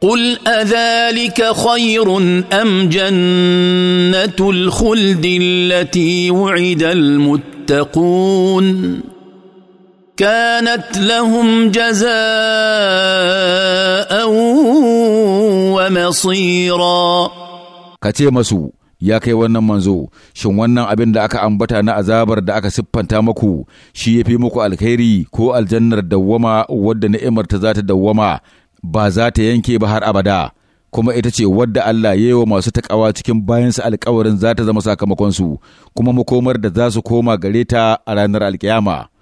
قل اذلك خير ام جنه الخلد التي وعد المتقون كانت لهم جزاء ومصيرا kace masu ya kai wannan manzo shin wannan abin da aka ambata na azabar da aka siffanta muku shi ya fi muku alkhairi ko aljannar dawwama wadda ni'imar ta za ta dawwama ba za ta yanke ba har abada kuma ita ce wadda Allah ya yi wa masu taƙawa cikin bayansa alkawarin za ta zama sakamakonsu kuma makomar da za su koma gare ta a ranar alkiyama.